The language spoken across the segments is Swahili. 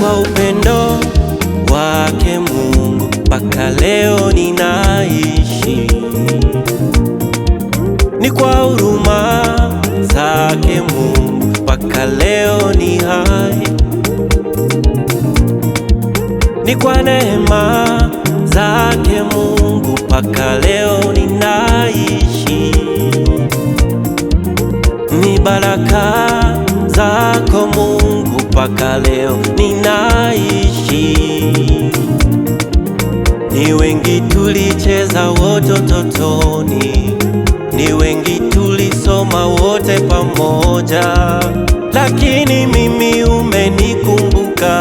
kwa upendo wake Mungu mpaka leo ninaishi, ni kwa huruma zake Mungu mpaka leo ni hai, ni kwa neema zake Mungu mpaka leo ninaishi, ni baraka zako Mungu mpaka leo ninaishi. Ni wengi tulicheza wote totoni, ni wengi tulisoma wote pamoja, lakini mimi umenikumbuka,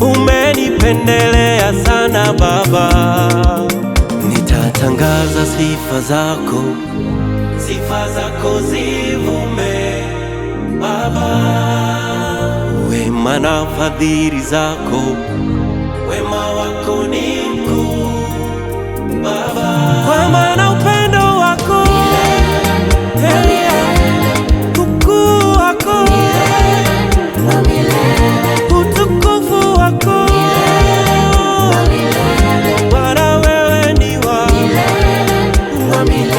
umenipendelea sana Baba. Nitatangaza sifa zako, sifa zako zivume Baba. Rehema na fadhili zako, wema wako ni mkuu Baba, kwa maana upendo wako ukuu wako utukufu wako wana wewe ni wa